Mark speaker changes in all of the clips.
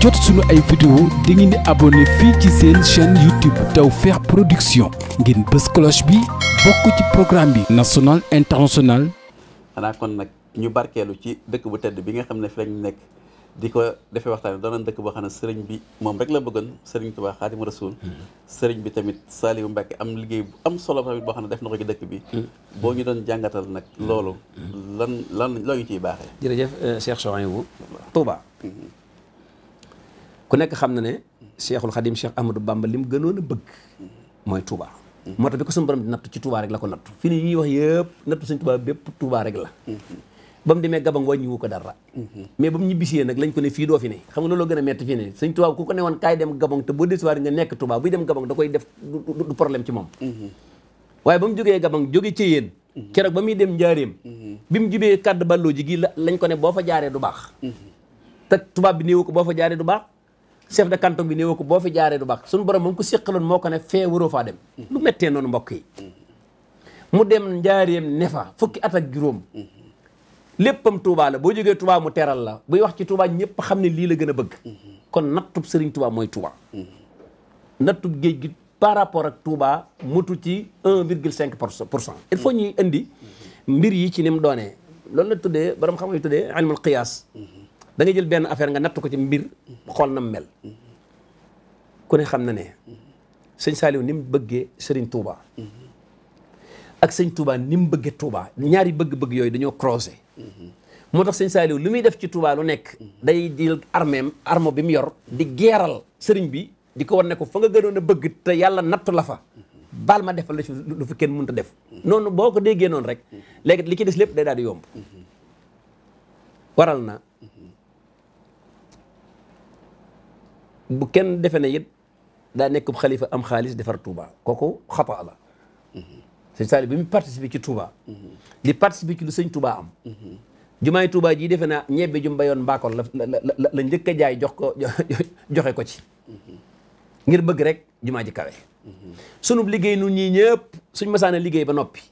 Speaker 1: jot suñu ay vidéo da ngeen di abonné fii ci seen chaîne YouTube Tawfekh Production ngeen bës cloche bi bokk ci programme bi national international xanaa kon nag ñu barkeelu ci dëkk bu tedd bi nga xam ne fi lañ nekk di ko defee waxtaan bi doonoon dëkk boo xam ne sëriñ bi moom rek la bëggoon sëriñ Tuubaa Xaadimu Rasuul hmm. sëriñ bi tamit Saaliwu Mbàkke am liggéey bu am solo tamit boo xam ne def na ko ci dëkk bi hmm. boo ñu doon jàngatal nag hmm. loolu lan lan loo ñu ciy baaxee
Speaker 2: jërëjëf euh, Cheikh Souhaïbou Touba ku nekk xam na ne cheikhul xadim cheikh ahmadou bamba li mu gënoon a mooy touba moo tax bi ko suñu borom di nattu ci touba rek la ko nattu fi ni ñuy wax yëpp nattu suñ touba bépp touba rek la ba mu demee gabang wàññiwu ko dara mais ba mu ñibbisee nag lañ ko ne fii doo fi ne xam nga looloo gën a metti fii ne suñ touba ku ko ne woon kaay dem gabang nekk touba buy dem gabang da koy def du moom waaye ba mu jógee gabang ci yéen keroog ba muy dem njaareem bi mu jubee kàdd balloo ji gi lañ ko ne boo fa jaaree du baax te tubaab bi néewu ko boo fa jaaree du baax chef de canton bi néew ko boo fi jaaree du baax suñu borom moom ko séqaloon moo ko ne fee waroo dem lu mettee noonu mbokk mu dem njaareem nefa fukki at ak juróom léppam Touba la boo jógee Touba mu teral la buy wax ci Touba ñëpp xam ne lii la gën a bëgg kon nattub Serigne Touba mooy Touba nattub géej gi par rapport ak Touba mutu ci un virgule cinq pour cent il faut ñuy indi mbir yi ci ni mu doonee loolu la tuddee borom xam nga tuddee ilmul qiyaas da jël benn affaire nga natt ko ci mbir xool na mu mel ku ne xam na ne sëñ Saliou ni mu bëggee sëriñ Touba ak sëñ Touba ni mu bëggee Touba ñaari bëgg-bëgg yooyu dañoo croisé moo tax sëñ saaliw lu muy def ci Touba lu nekk day jël armeem arme bi mu yor di geeral sëriñ bi di ko war ne ko nga gënoon a bëgg te yàlla nattu la fa bal ma defal la ci lu fi kenn mënut a def noonu boo ko déggee noonu rek léegi li ci des lépp day daal di yomb waral na bu kenn defe na it daa nekk xalifa am xaalis defar Touba kooku xata la sëñ Saliou bi mu participé ci Touba li participé ci lu sëñ Touba am jumaay Touba jii defe naa ñebbe ju mbayoon mbaakol la la la njëkk a jaay jox ko joxe ko ci ngir bëgg rek jumaa ji kawe sunub liggéey nun ñi ñëpp suñ masaana liggéey ba noppi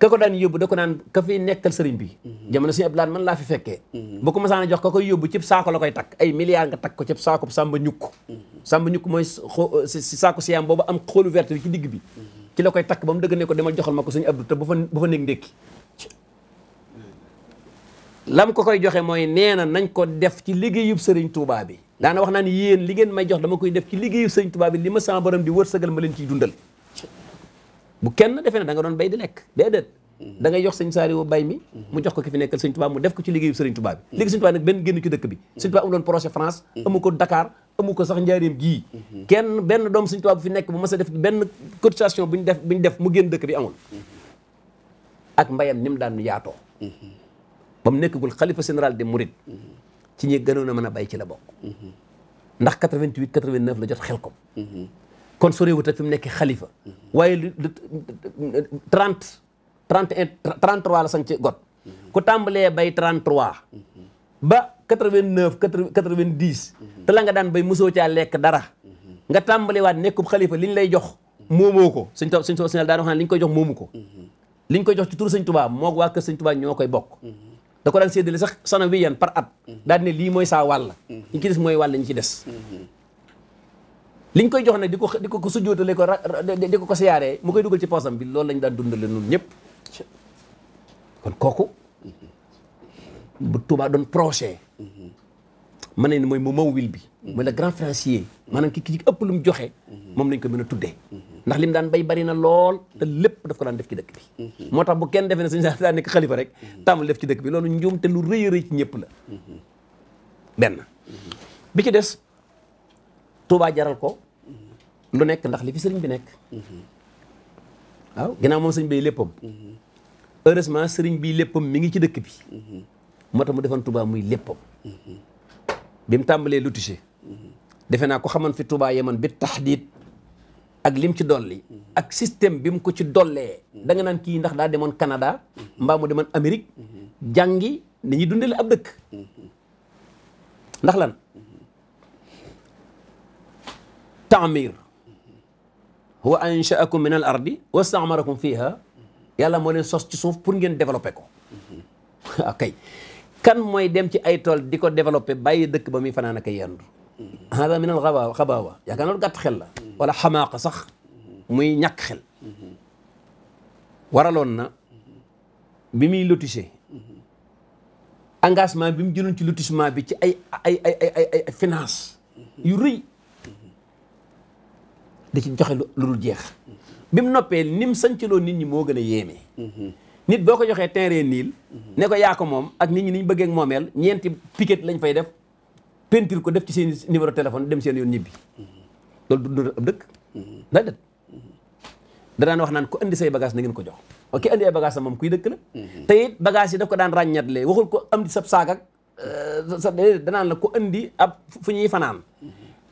Speaker 2: ka ko daan yóbbu da ko naan ka fi nekkal sëriñ bi mhm. jamono suñu abdulaat man laa fi fekkee mhm. bu ko masaan a jox ko koy yóbbu cib saako la koy takk ay milliards nga takk ko cib saako sàmba ñukk mhm. sàmba ñukk mooy euh, si saako siyaam boobu am xóolu verte bi ci digg bi ci la koy takk ba mu dëgg ne ko demal ma ko suñu abdu te bu fa bu fa nekk lam ko koy joxe mooy nee na nañ ko def ci liggéeyub sëriñ Touba bi daana wax naa yéen li ngeen may jox dama koy def ci liggéeyub sëriñ Touba bi li ma sama borom di wërsëgal ma leen ciy dundal bu kenn defee ne da nga doon bay di lekk déedéet da ngay jox sëñ Saliou bay mi mu jox ko ki fi nekkal sëñ Touba mu def ko ci liggéeyu sëriñ Touba bi mm-hmm. liggéey sëñ Touba nag benn génn ci dëkk bi mm-hmm. sëñ Touba amuloon projet France mm-hmm. amu ko Dakar amu ko sax njaareem gii kenn benn doom sëñ Touba bu fi nekk bu mas a def benn cotisation buñ def buñ def mu génn dëkk bi amul ak mbayam ni mu daan yaatoo ba mu nekkagul xalifa général des Mourides ci ñi gënoon a mën a bay ci la bokk ndax 88 89 la jot xel ko kon sorewut ak fi mu nekk xalifa waaye lu trente trente et trente trois la sañ ci got ko tàmbalee bay trente trois ba quatre vingt neuf quatre vingt dix te la nga daan bay mosoo caa lekk dara nga tàmbalewaat nekkub xalifa li ñu lay jox moomoo ko suñ suñ soo sinal daan wax ne li ñu koy jox moomu ko li ñu koy jox ci turu sëñ tubaa moog waa kër sëñ tubaa ñoo koy bokk da ko daan séddale sax sana wi yan par at daal ne lii mooy saa wàll ñu ci mooy wàll ñu ci des liñ koy jox nag di ko di ko ko sujjóotale ko di ko ko siyaaree mu koy dugal ci poosam bi loolu lañ daan dundale nun ñëpp kon kooku bu Touba doon projet ma ne ni mooy mu mawwil bi mooy le grand financier maanaam ki ki ëpp lu mu joxe moom lañ ko mën a tuddee ndax lim daan bay bari na lool te lépp daf ko daan def ci dëkk bi moo tax bu kenn defe ne suñu daan daan nekk xalifa rek tàmbali lef ci dëkk bi loolu njuum te lu rëy a rëy ci ñëpp la benn bi ci des tuubaa jaral ko lu nekk ndax li fi sëriñ bi nekk waaw ginnaaw moom sëriñ bi léppam heureusement sëriñ bi léppam mi ngi ci dëkk bi moo tax mu defoon Touba muy léppam bi mu tàmbalee lu lotissé defe naa ko xaman fi Touba yeman bi taxdiit ak lim ci dolli ak système bi mu ko ci dollee da naan kii ndax daa demoon Canada mbaa mu demoon Amérique jàngi ni ñuy dundale ab dëkk ndax lan taamir huwa anshaakum min al ardi wastaamarakum fiha yàlla moo leen sos ci suuf pour ngeen développé ko akay kan mooy dem ci ay tool di ko développé bàyyi dëkk ba muy fanaan ak yendu hada min al xabaawa xabaawa yaakaar loolu gàtt xel la wala xamaaqa sax muy ñàkk xel waraloon na bi muy lotissé engagement bi mu jëloon ci lotissement bi ci ay ay ay yu rëy di ci joxe lu dul jeex bi mu noppee ni mu sancaloo nit ñi moo gën a yéeme nit boo ko joxee terrain niil ne ko yaa ko moom ak nit ñi ni ñu bëggee ak moomeel ñeenti piquet lañ fay def peinture ko def ci seen numéro téléphone dem seen yoon ñibbi loolu du ab dëkk ndax dëkk danaan wax naan ko indi say bagage na ngeen ko jox ok andi ay bagage sa moom kuy dëkk la te it bagage yi daf ko daan ràññat le waxul ko am di sab saag ak euh, sa danaan la ko indi ab fu ñuy fanaan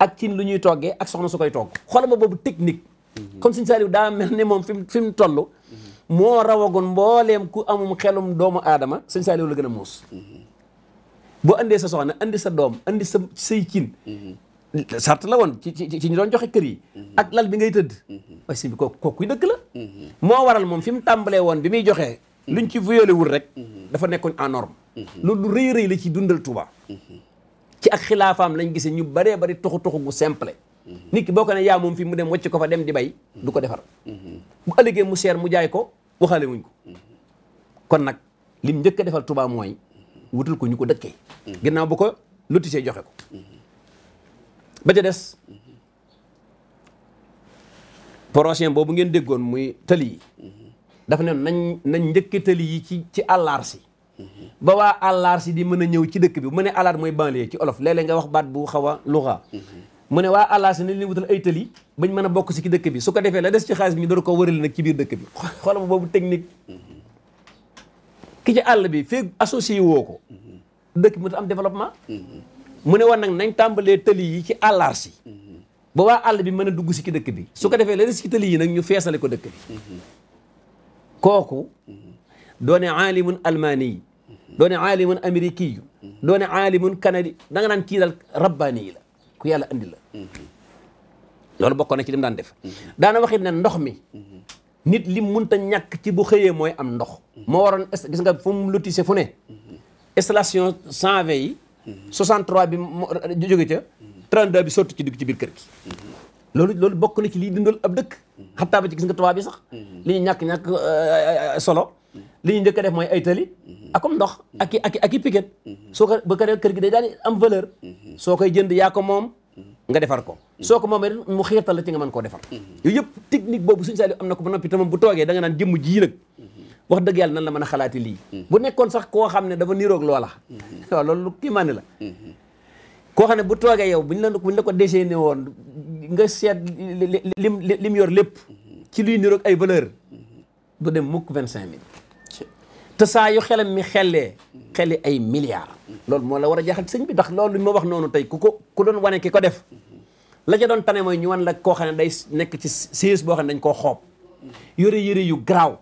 Speaker 2: ak cin lu ñuy toggee ak soxna su koy togg xoolal ma boobu technique kon suñu saaliw daa mel ni moom fi mu mu toll moo rawagoon mbooleem ku amum xelum doomu aadama suñu saaliw la gën a moos boo indee sa soxna andi sa doom indi sa say cin sart la woon ci ci ñu doon joxe kër yi ak lal bi ngay tëdd waaye si bi kooku kookuy dëkk la moo waral moom fi mu tàmbalee woon bi muy joxee lu ñu ci violé wul rek dafa nekkoon en norme loolu lu rëy rëy la ci dundal Touba ci ak xilaafaam lañ gisee ñu baree bari tuxu tuxu gu simple nit ki boo ko ne yaa moom fii mu dem wàcc ko fa dem di bay du ko defar bu ëllëgee mu seer mu jaay ko waxaale wuñ ko kon nag lim njëkk a defal Touba mooy wutul ko ñu ko dëkkee ginnaaw bu ko lotissé joxe ko ba des prochain boobu ngeen déggoon muy tëli yi dafa ne nañ nañ njëkke tëli yi ci ci àllaar si ba waa àllaar si di mën a ñëw ci dëkk bi mu ne àllaar mooy banlieue ci olof léeg nga wax baat bu xaw a luxa mu ne waa àllaar si nañ wutal ay tëli bañ mën a bokk si ci dëkk bi su ko defee la des ci xaalis ñu ko wërale nag ci biir dëkk bi xoolal boobu ci àll bi feeg associé woo ko dëkk bi mu am mu ne woon nag nañ tàmbalee tëli yi ci àllaar si àll bi mën a dugg si ci dëkk bi su ko defee la des ci tëli yi nag ñu feesale ko dëkk bi kooku doone aalimun almaani doone aalimun américain yu doone aalimun kanadi da nga naan kii daal rabbaani yi la ku yàlla andi la loolu bokkoon na ci lim daan def daana waxit ne ndox mi nit lim ta ñàkk ci bu xëyee mooy am ndox moo waroon gis nga fu mu lotissé fu ne installation cent vingt yi 63 bi jóge ca 32 bi sotti ci dugg ci biir kër gi loolu loolu bokk na ci lii dundal ab dëkk xattaa ba ci gis nga tubaab bi sax mm-hmm. li ñu ñàkk-ñàkk euh, euh, euh, solo li ñu njëkk def mooy ay tali akum ndox ak i ak ak i piquet soo ko ba kër gi day daal di am valeur soo koy jënd yaa ko moom nga defar ko soo ko moomee mu xiirtal la ci nga mën koo defar yëpp technique boobu suñu saali am na ko ba noppi tamam bu toogee naan jëmm ji nag wax dëgg yàlla nan la mën a xalaati lii bu nekkoon sax koo xam ne dafa niroog loola waaw loolu kii maa la koo xam ne bu toogee yow buñ la buñ la ko desee dessiné woon nga seet lim lim yor lépp ci luy niroog ay valeur bu dem mukk vingt cinq mille te saa yu xelam mi xellee xeli ay milliards loolu moo la war a jaaxal sëñ bi ndax loolu moo wax noonu tey ku ko ku doon wane ki ko def la ca doon tane mooy ñu wan la koo xam ne day nekk ci siis boo xam ne dañ koo xoob yore yëre yu garaaw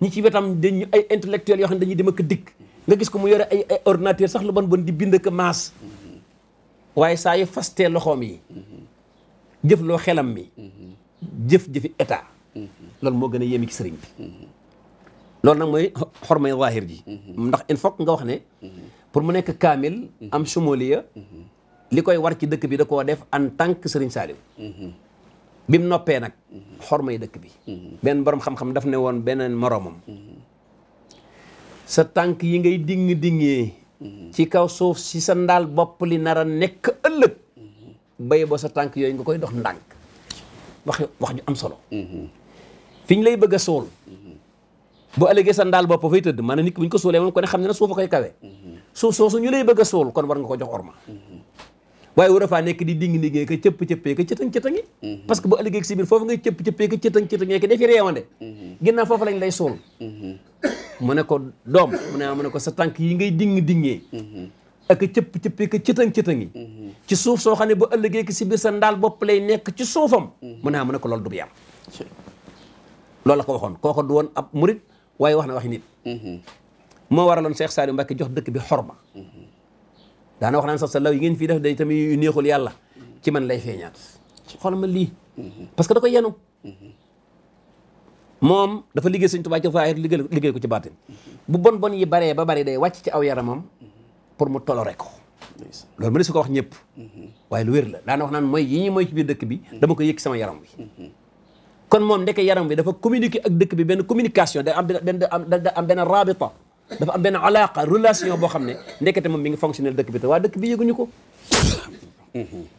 Speaker 2: ñi ci wetam dañu ay intellectuels yoo xam ne dañuy dem ak dikk nga gis ko mu yore ay ay ordinateur sax lu ban bon di bind ak maas waaye saa yu fastee loxoom yi jëf loo xelam mi jëf-jëfi état mm-hmm. loolu moo gën a yéemi ci sëriñ bi mm-hmm. loolu nag mooy xormay zaahir ji mhm. ndax il faut nga wax ne mhm. pour mu nekk kaamil mhm. am sumoliya li koy war ci dëkk bi da koo def en tànk que Serigne Saliou bim noppee nag yi dëkk bi benn borom xam-xam daf ne woon beneen moroomam sa tànk yi ngay ding-dingee ci kaw suuf si sa ndaal bopp li nar a nekk ëllëg bay boo sa tànk yooyu nga koy dox ndànk wax wax ju am solo fiñ lay bëgg a suul bu ëllëgee sa ndaal bopp fay tëdd maanaam nit ki bu ñu ko suulee moom ko xam ne na suufa koy kawe suuf soosu ñu lay bëgg a suul kon war nga ko jox orma waaye war faa nekk di dingi ndigee ka cëpp-cëppee ka cëtang que bu ëllëgee si biir foofu ngay cëpp-cëppee ka cëtang cëtangee ka defi réewande ne ko doom mu ne mu ne ko sa tànk yi ngay ding dingee ak cëpp-cëppee ka cëtang cëtangi ci suuf soo xam ne bu ëllëgee si sa ndaal bopp lay nekk ci suufam mu ne mu ne ko lool du bi am loolu la ko waxoon kooku du woon ab waaye wax na waxi nit mm-hmm. moo waraloon Cheikh Saliou Mbacké jox dëkk bi xorma mm-hmm. daana wax naan sax sa law yi ngeen fii def day tamit yu neexul yàlla mm-hmm. ci man lay feeñaat xool ma lii parce que da koy yenu moom dafa liggéey Sëñ Tuubaa ci faayir liggéey liggéey ko ci baatin bu bon bon yi baree ba bari day wàcc ci aw yaram yaramam pour mu tolloo rekko loolu ma ne su ko wax ñëpp waaye lu wér la daana wax naan mooy yi ñuy mooy ci biir dëkk bi dama koy yëg sama yaram bi kon moom ndeke yaram bi dafa communiquer ak dëkk bi benn communication da am benn da am benn rabita dafa am benn alaqa relation boo xam ne te moom mi ngi fonctionner dëkk bi te waa dëkk bi yëguñu ko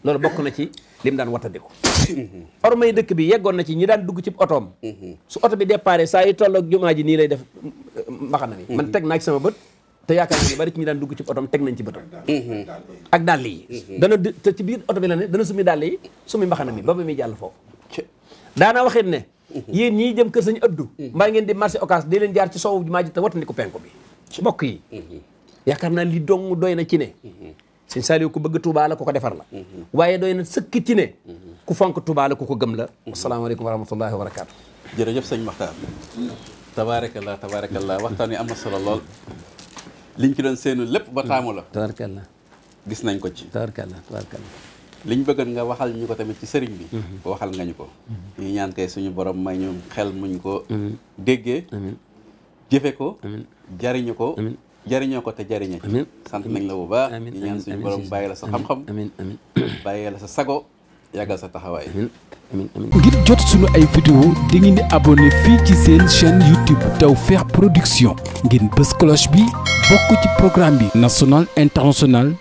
Speaker 2: loolu bokk na ci lim daan wattandiku ormay dëkk bi yeggoon na ci ñi daan dugg ci otoom su oto bi déparé saa yi tolloog jumaa ji nii lay def mbaxana mi man teg naa ci sama bët te yaakaar naa ne bari ci ñi daan dugg ci otoom teg nañ ci bëtam ak dàll yi mhm. dana te ci biir oto bi la ne dana sumi dàll yi sumi mbaxana mi ba ba muy foofu daana waxit ne yéen ñii jëm kër sañ ëddu mbaa ngeen di marché occas di leen jaar ci sowu jumaa ji te wattandi ko penku bi mbokk yi yaakaar naa li dong doy na ci ne sëñ Saliou ku bëgg Touba la ku ko defar la waaye doy na sëkk ci ne ku fonk Touba la ku ko gëm la asalaamaaleykum wa rahmatullahi wa barakaatu
Speaker 1: jërëjëf sëñ Makhtar tabaarakallah tabaarakallah waxtaan wi am na solo lool liñ ci doon seenu lépp ba taamu la tabaarakallah gis nañ ko ci tabaarakallah tabaarakallah liñ bëggoon nga waxal ñu ko tamit ci sëriñ bi mhm. waxal nga ñu ko mhm. ñu ñaan suñu borom may ñu xel muñ ko déggee jëfe ko jariñu ko jariñoo ko te jariñe ci sant nañ la bu baax ñu ñaan suñu borom bàyyi la sa xam-xam bàyyi la sa sago yàggal sa taxawaay ngir jot suñu ay vidéo di ngeen di abonné fii ci seen chaîne YouTube feex Production ngeen bës cloche bi bokk ci programme bi national international